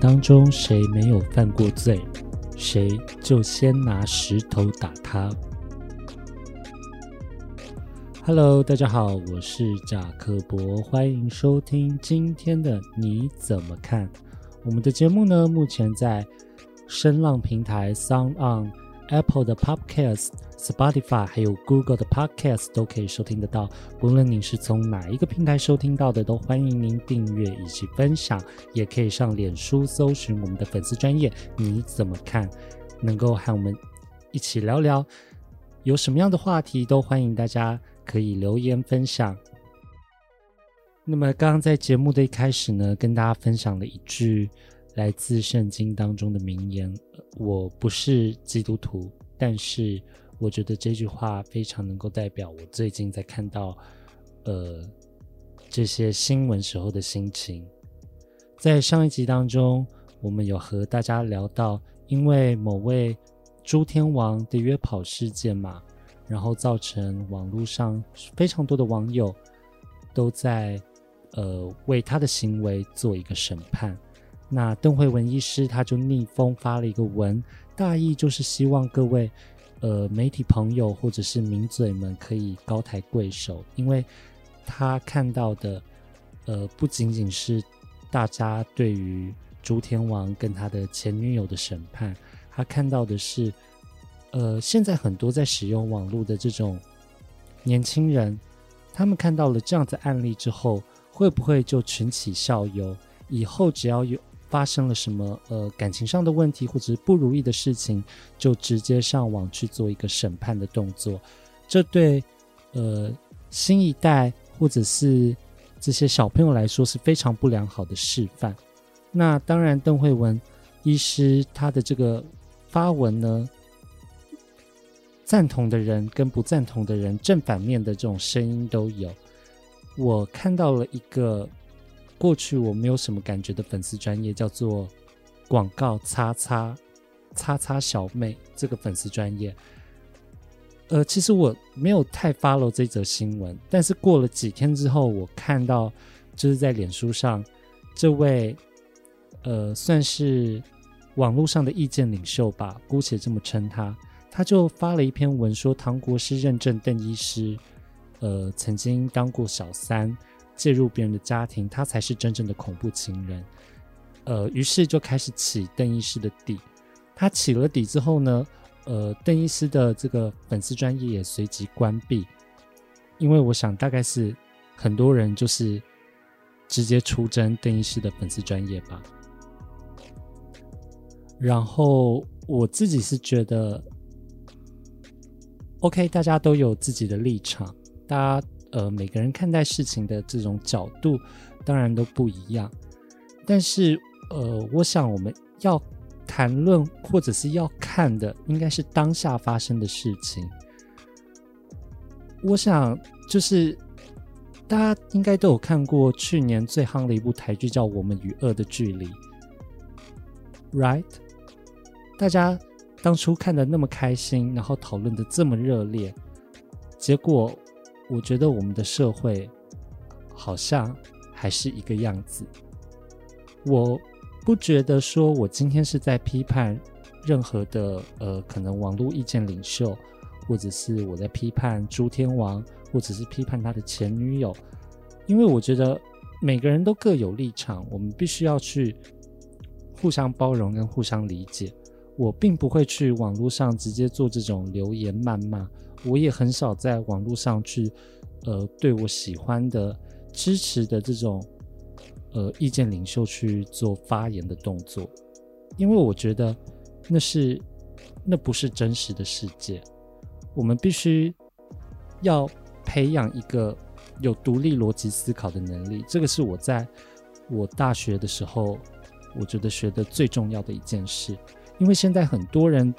當中誰沒有犯過罪，誰就先拿石頭打他。Hello，大家好，我是賈克博，歡迎收聽今天的你怎麼看？我們的節目呢，目前在聲浪平台 Sound On。Apple 的 Podcast、Spotify 還有 Google 的 Podcast 都可以收聽得到。不論你是從哪一個平台收聽到的，都歡迎您訂閱以及分享。也可以上臉書搜尋我們的粉絲專頁。你怎麼看？能夠和我們一起聊聊，有什麼樣的話題都歡迎，大家可以留言分享。那麼，剛剛在節目的一開始呢，跟大家分享了一句。來自聖經當中的名言。我不是基督徒，但是我覺得這句話非常能夠代表我最近在看到呃這些新聞時候的心情。在上一集當中，我們有和大家聊到，因為某位朱天王的約跑事件嘛，然後造成網絡上非常多的網友都在呃為他的行為做一個審判。那鄧惠文醫師他就逆風發了一個文，大意就是希望各位，呃，媒體朋友或者是名嘴們可以高抬貴手，因為他看到的，呃，不僅僅是大家對於朱天王跟他的前女友的審判，他看到的是，呃，現在很多在使用網絡的這種年輕人，他們看到了這樣子案例之後，會不會就群起效尤？以後只要有。發生了什麼？呃，感情上的問題或者是不如意的事情，就直接上網去做一個審判的動作，這對呃新一代或者是這些小朋友來說是非常不良好的示範。那當然，鄧惠文醫師他的這個發文呢，贊同的人跟不贊同的人正反面的這種聲音都有。我看到了一個過去我沒有什麼感覺的粉絲專頁叫做“廣告叉叉叉叉小妹”這個粉絲專頁，呃，其實我沒有太 follow 這則新聞，但是過了幾天之後，我看到就是在臉書上，這位呃算是網絡上的意見領袖吧，姑且這麼稱他，他就發了一篇文說，唐國師認證鄧醫師，呃，曾經當過小三。介入別人的家庭，他才是真正的恐怖情人。呃，於是就開始起鄧醫師的底。他起了底之後呢，呃，鄧醫師的這個粉絲專頁也隨即關閉。因為我想大概是很多人就是直接出征鄧醫師的粉絲專頁吧。然後我自己是覺得，OK，大家都有自己的立場，大家。呃，每個人看待事情的這種角度，當然都不一樣。但是，呃，我想我們要談論或者是要看的，應該是當下發生的事情。我想，就是大家應該都有看過去年最夯的一部台劇，叫《我們與惡的距離》，right？大家當初看得那麼開心，然後討論得這麼熱烈，結果。我覺得我們的社會好像還是一個樣子。我不覺得說我今天是在批判任何的呃，可能網絡意見領袖，或者是我在批判朱天王，或者是批判他的前女友。因為我覺得每個人都各有立場，我們必須要去互相包容跟互相理解。我並不會去網絡上直接做這種留言謾罵。我也很少在網絡上去，呃，對我喜歡的、支持的這種，呃，意見領袖去做發言的動作，因為我覺得那是，那不是真實的世界。我們必須要培養一個有獨立邏輯思考的能力，這個是我在我大學的時候，我覺得學的最重要的一件事，因為現在很多人。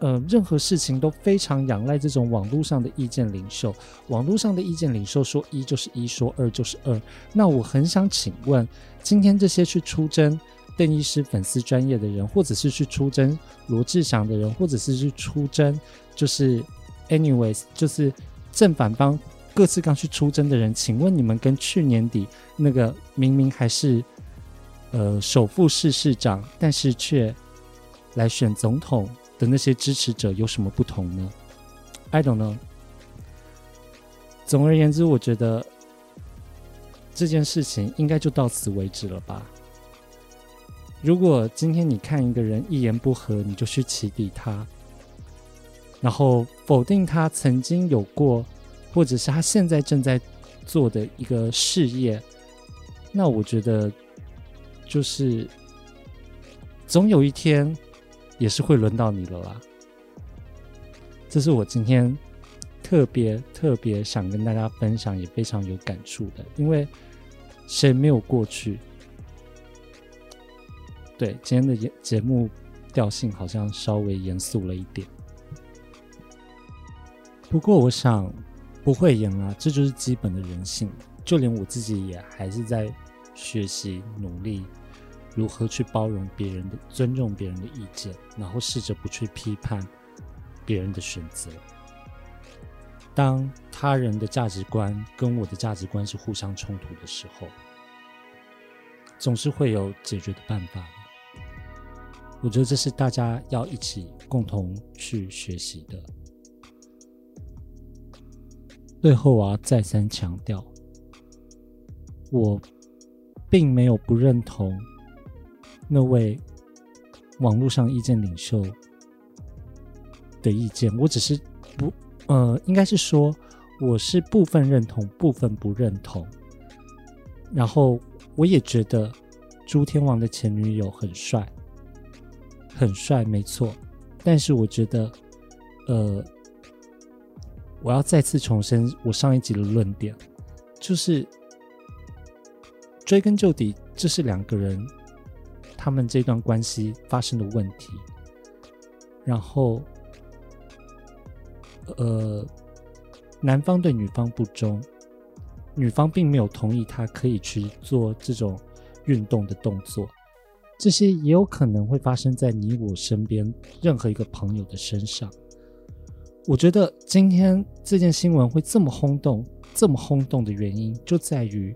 呃，任何事情都非常仰賴這種網絡上的意見領袖。網絡上的意見領袖說一就是一，說二就是二。那我很想請問，今天這些去出征鄧醫師粉絲專頁的人，或者是去出征羅志祥的人，或者是去出征就是 anyways 就是正反方各自剛去出征的人，請問你們跟去年底那個明明還是呃首富市市長，但是卻來選總統？的那些支持者有什麼不同呢？I don't know。總而言之，我覺得這件事情應該就到此為止了吧。如果今天你看一個人一言不合，你就去起底他，然後否定他曾經有過，或者是他現在正在做的一個事業，那我覺得就是總有一天。也是會輪到你了啦，這是我今天特別特別想跟大家分享，也非常有感觸的。因為誰沒有過去？對，今天的節節目調性好像稍微嚴肅了一點。不過我想不會贏啊，這就是基本的人性。就連我自己也還是在學習努力。如何去包容別人的，尊重別人的意見，然後試着不去批判別人的選擇。當他人的價值觀跟我的價值觀是互相衝突的時候，總是會有解決的辦法。我覺得這是大家要一起共同去學習的。最後我要再三強調，我並沒有不認同，那位網絡上意見領袖的意見，我只是不呃，應該是說我是部分認同，部分不認同。然後我也覺得朱天王的前女友很帥，很帥，沒錯。但是我覺得，呃，我要再次重申我上一集的論點，就是追根究底，這是兩個人。他們這段關係發生的問題，然後，呃，男方對女方不忠，女方並沒有同意他可以去做這種運動的動作，這些也有可能會發生在你我身邊任何一個朋友的身上。我覺得今天這件新聞會這麼轟動，這麼轟動的原因就在於。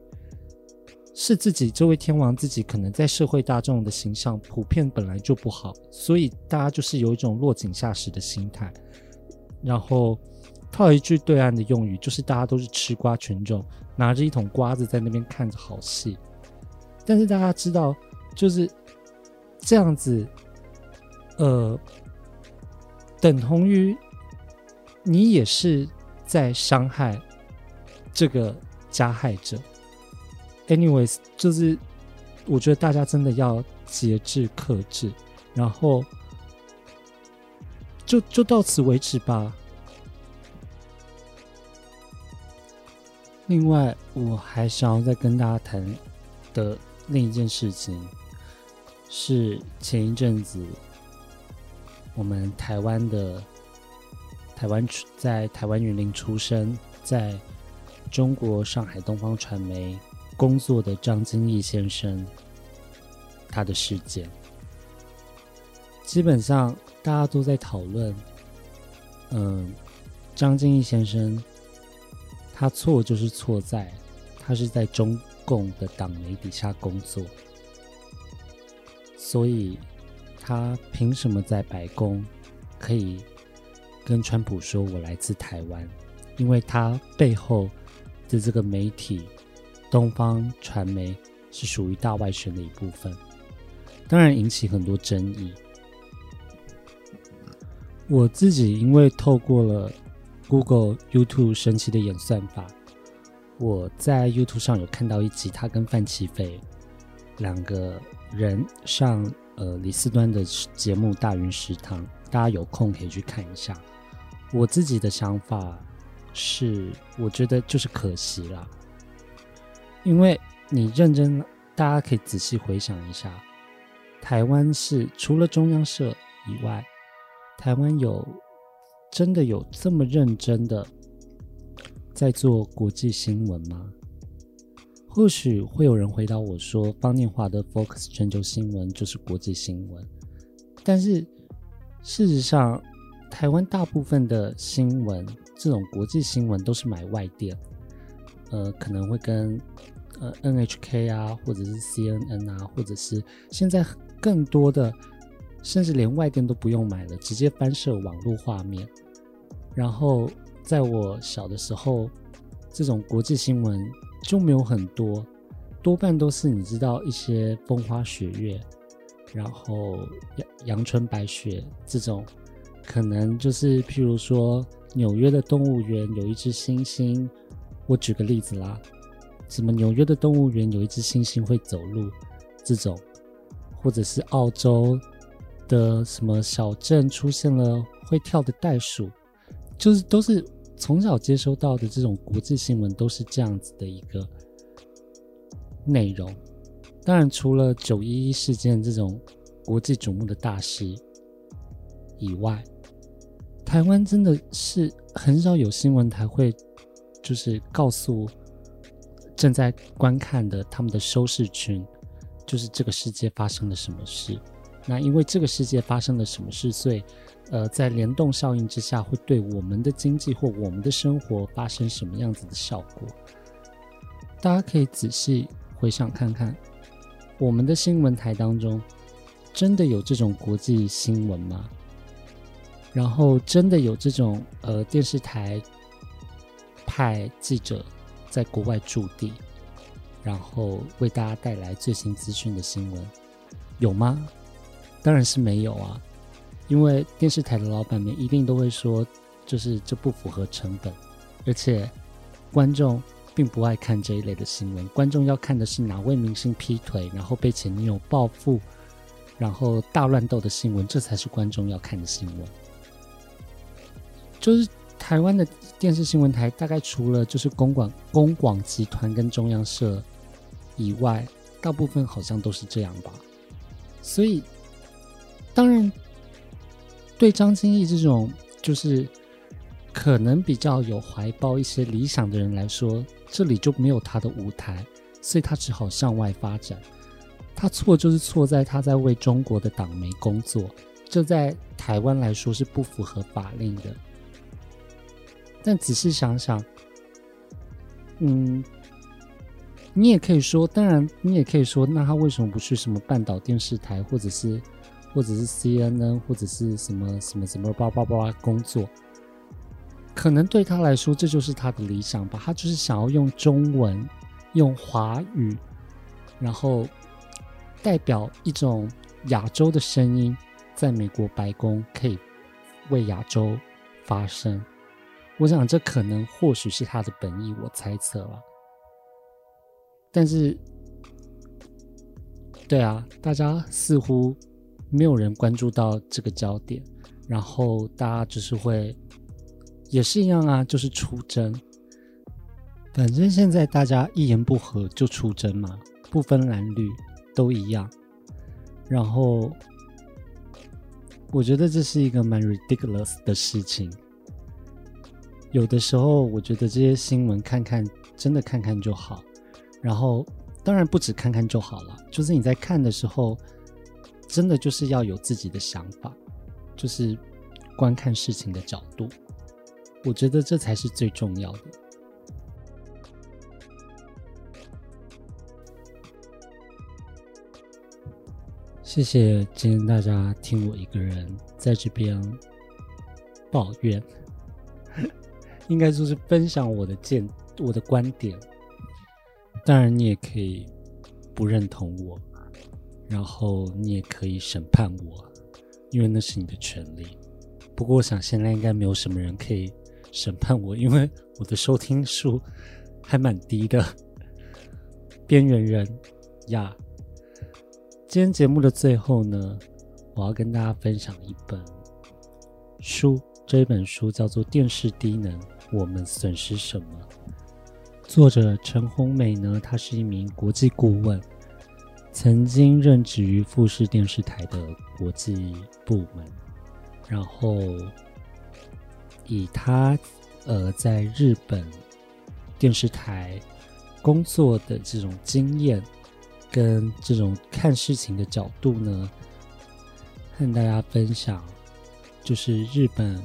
是自己這位天王自己可能在社會大眾的形象普遍本來就不好，所以大家就是有一種落井下石的心態。然後套一句對岸的用語，就是大家都是吃瓜群眾，拿着一桶瓜子在那邊看着好戲。但是大家知道，就是這樣子，呃，等同於你也是在傷害這個加害者。Anyways，就是我覺得大家真的要節制克制，然後就就到此為止吧。另外，我還想要再跟大家談的另一件事情，是前一陣子我們台灣的台灣在台灣雲林出生，在中國上海東方傳媒工作的張經義先生，他的事件，基本上大家都在討論，嗯，張經義先生他錯就是錯在，他是在中共的黨媒底下工作，所以他憑什麼在白宮可以跟川普說我來自台灣？因為他背後的這個媒體。東方傳媒是屬於大外宣的一部分，當然引起很多爭議。我自己因為透過了 Google YouTube 神奇的演算法，我在 YouTube 上有看到一集他跟范琪斐兩個人上呃李四端的節目《大雲時堂》，大家有空可以去看一下。我自己的想法是，我覺得就是可惜了。因為你認真，大家可以仔細回想一下，台灣是除了中央社以外，台灣有真的有這麼認真的在做國際新聞嗎？或許會有人回答我說，方念華的 Focus 全球新聞就是國際新聞，但是事實上，台灣大部分的新聞，這種國際新聞都是買外電，呃，可能會跟。呃，NHK 啊，或者是 CNN 啊，或者是現在更多的，甚至連外電都不用買了，直接翻攝網絡畫面。然後在我小的時候，這種國際新聞就沒有很多，多半都是你知道一些風花雪月，然後陽，陽春白雪這種，可能就是譬如說紐約的動物園有一隻猩猩，我舉個例子啦。什麼紐約的動物園有一隻猩猩會走路，這種，或者是澳洲的什麼小鎮出現了會跳的袋鼠，就是都是從小接收到的這種國際新聞都是這樣子的一個內容。當然，除了九一一事件這種國際矚目的大事以外，台灣真的是很少有新聞台會就是告訴。正在觀看的他們的收視群，就是這個世界發生了什麼事。那因為這個世界發生了什麼事，所以，呃，在聯動效應之下，會對我們的經濟或我們的生活發生什麼樣子的效果？大家可以仔細回想看看，我們的新聞台當中，真的有這種國際新聞嗎？然後，真的有這種呃電視台派記者？在國外駐地，然後為大家帶來最新資訊的新聞，有嗎？當然是沒有啊，因為電視台的老闆們一定都會說，就是這不符合成本，而且觀眾並不愛看這一類的新聞，觀眾要看的是哪位明星劈腿，然後被前女友報復，然後大亂鬥的新聞，這才是觀眾要看的新聞，就是。台灣的電視新聞台大概除了就是公廣、公廣集團跟中央社以外，大部分好像都是這樣吧。所以，當然，對張經義這種就是可能比較有懷抱一些理想的人來說，這裡就沒有他的舞台，所以他只好向外發展。他錯就是錯在他在為中國的黨媒工作，這在台灣來說是不符合法令的。但仔細想想，嗯，你也可以說，當然，你也可以說，那他為什麼不去什麼半島電視台，或者是，或者是 CNN，或者是什麼什麼什麼叭叭叭工作？可能對他來說，這就是他的理想吧。他就是想要用中文，用華語，然後代表一種亞洲的聲音，在美國白宮可以為亞洲發聲。我想，這可能或許是他的本意，我猜測吧。但是，對啊，大家似乎沒有人關注到這個焦點，然後大家就是會也是一樣啊，就是出征。反正現在大家一言不合就出征嘛，不分藍綠都一樣。然後，我覺得這是一個蠻 ridiculous 的事情。有的時候，我覺得這些新聞看看，真的看看就好。然後，當然不止看看就好了，就是你在看的時候，真的就是要有自己的想法，就是觀看事情的角度。我覺得這才是最重要的。謝謝今天大家聽我一個人在這邊抱怨。應該說是分享我的見，我的觀點。當然，你也可以不認同我，然後你也可以審判我，因為那是你的權利。不過，我想現在應該沒有什麼人可以審判我，因為我的收聽數還蠻低的。邊緣人呀，yeah。今天節目的最後呢，我要跟大家分享一本書，這一本書叫做《電視低能》。我們損失什麼？作者陳弘美呢，她是一名國際顧問，曾經任職於富士電視台的國際部門，然後以她呃在日本電視台工作的這種經驗跟這種看事情的角度呢，和大家分享，就是日本。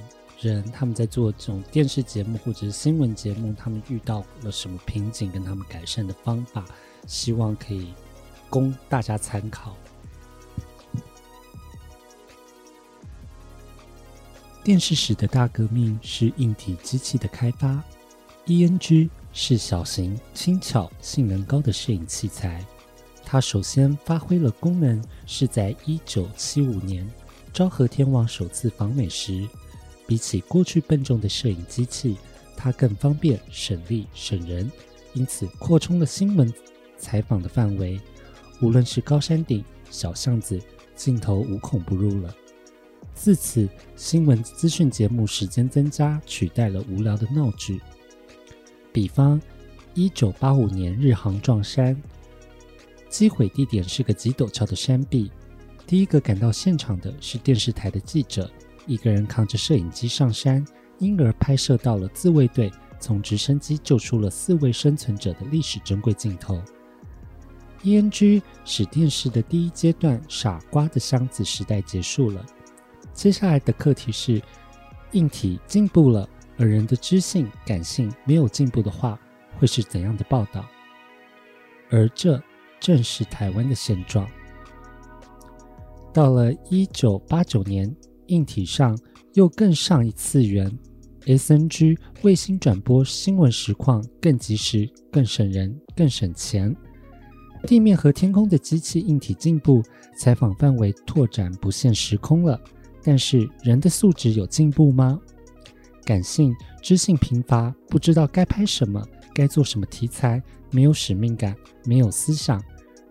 人他們在做這種電視節目或者是新聞節目，他們遇到了什麼瓶頸？跟他們改善的方法，希望可以供大家參考。電視史的大革命是硬體機器的開發。E N G 是小型、輕巧、性能高的攝影器材。它首先發揮了功能，是在一九七五年昭和天皇首次訪美時。比起過去笨重的攝影機器，它更方便、省力、省人，因此擴充了新聞採訪的範圍。無論是高山頂、小巷子，鏡頭無孔不入了。自此，新聞資訊節目時間增加，取代了無聊的鬧劇。比方，一九八五年日航撞山，機毀地點是個極陡峭的山壁。第一個趕到現場的是電視台的記者。一個人扛着攝影機上山，因而拍攝到了自衛隊從直升機救出了四位生存者的歷史珍貴鏡頭。E.N.G. 使電視的第一階段“傻瓜的箱子”時代結束了。接下來的課題是：硬體進步了，而人的知性、感性沒有進步的話，會是怎樣的報道？而這正是台灣的現狀。到了一九八九年。硬體上又更上一次元，SNG 衛星轉播新聞實況更及時、更省人、更省錢。地面和天空的機器硬體進步，採訪範圍拓展不限時空了。但是人的素質有進步嗎？感性、知性貧乏，不知道該拍什麼、該做什麼題材，沒有使命感，沒有思想，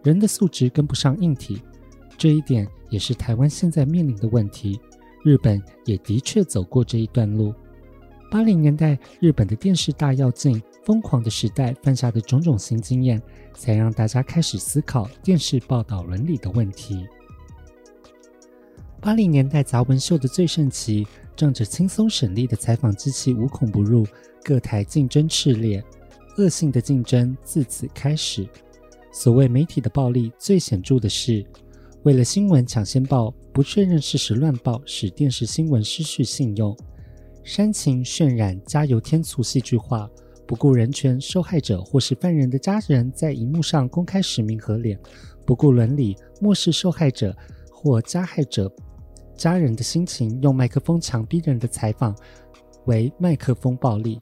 人的素質跟不上硬體。這一點也是台灣現在面臨的問題。日本也的確走過這一段路。八零年代，日本的電視大躍進、瘋狂的時代犯下的種種新經驗，才讓大家開始思考電視報道倫理的問題。八零年代雜文秀的最盛期，仗着輕鬆省力的採訪機器無孔不入，各台競爭熾烈，惡性的競爭自此開始。所謂媒體的暴力，最顯著的是。為了新聞搶先報，不確認事實亂報，使電視新聞失去信用；煽情渲染、加油添醋、戲劇化，不顧人權；受害者或是犯人的家人在熒幕上公開實名和臉，不顧倫理，漠視受害者或加害者家人的心情；用麥克風強逼人的採訪，為麥克風暴力；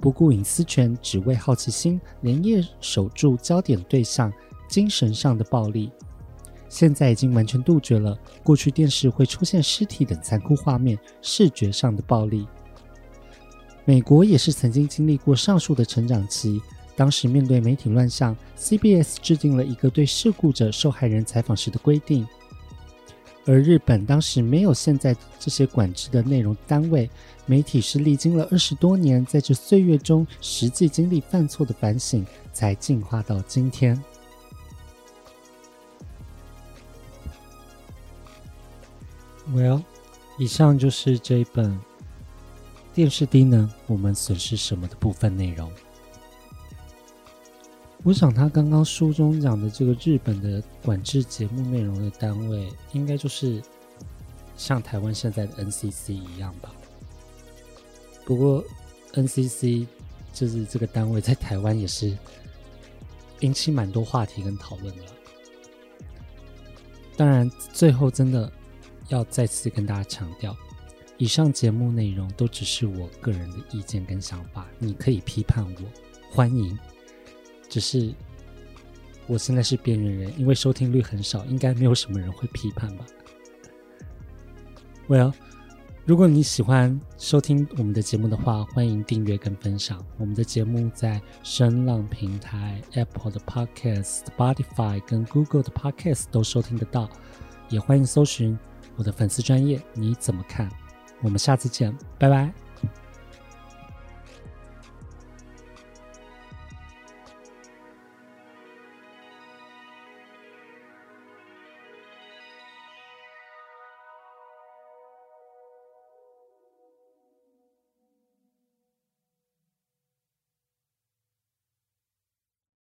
不顧隱私權，只為好奇心，連夜守住焦點對象，精神上的暴力。現在已經完全杜絕了過去電視會出現屍體等殘酷畫面、視覺上的暴力。美國也是曾經經歷過上述的成長期，當時面對媒體亂象，CBS 制定了一個對事故者、受害人採訪時的規定。而日本當時沒有現在這些管制的內容單位，媒體是歷經了二十多年，在這歲月中實際經歷犯錯的反省，才進化到今天。Well，以上就是這一本電視低能，我們損失什麼的部分內容。我想他剛剛書中講的這個日本的管制節目內容的單位，應該就是像台灣現在的 NCC 一樣吧。不過 NCC 就是這個單位在台灣也是引起蠻多話題跟討論的。當然，最後真的。要再次跟大家強調，以上節目內容都只是我個人的意見跟想法，你可以批判我，歡迎。只是我現在是邊緣人，因為收聽率很少，應該沒有什麼人會批判吧？Well，如果你喜歡收聽我們的節目的話，歡迎訂閱跟分享。我們的節目在聲浪平台、Apple 的 Podcast、Spotify 跟 Google 的 Podcast 都收聽得到，也歡迎搜尋。我的粉絲專頁，你怎麼看？我們下次見，拜拜。